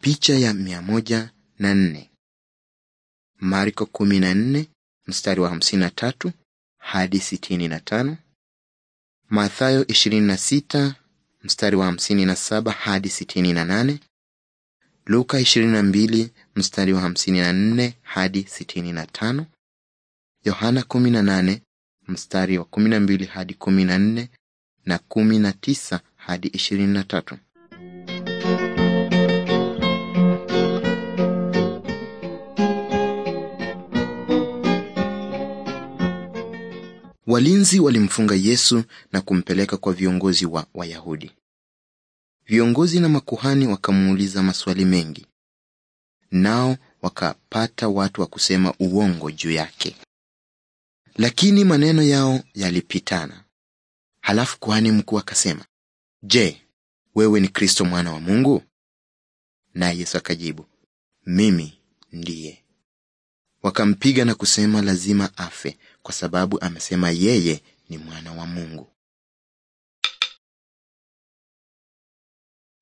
Picha ya mia moja na nne. Marko kumi na nne mstari wa hamsini na tatu hadi sitini na tano. Mathayo ishirini na sita mstari wa hamsini na saba hadi sitini na nane. Luka ishirini na mbili mstari wa hamsini na nne hadi sitini na tano. Yohana kumi na nane mstari wa kumi na mbili hadi kumi na nne na kumi na tisa hadi ishirini na tatu. Walinzi walimfunga Yesu na kumpeleka kwa viongozi wa Wayahudi. Viongozi na makuhani wakamuuliza maswali mengi, nao wakapata watu wa kusema uongo juu yake, lakini maneno yao yalipitana. Halafu kuhani mkuu akasema, Je, wewe ni Kristo mwana wa Mungu? Naye Yesu akajibu, mimi wakampiga na kusema lazima afe, kwa sababu amesema yeye ni mwana wa Mungu.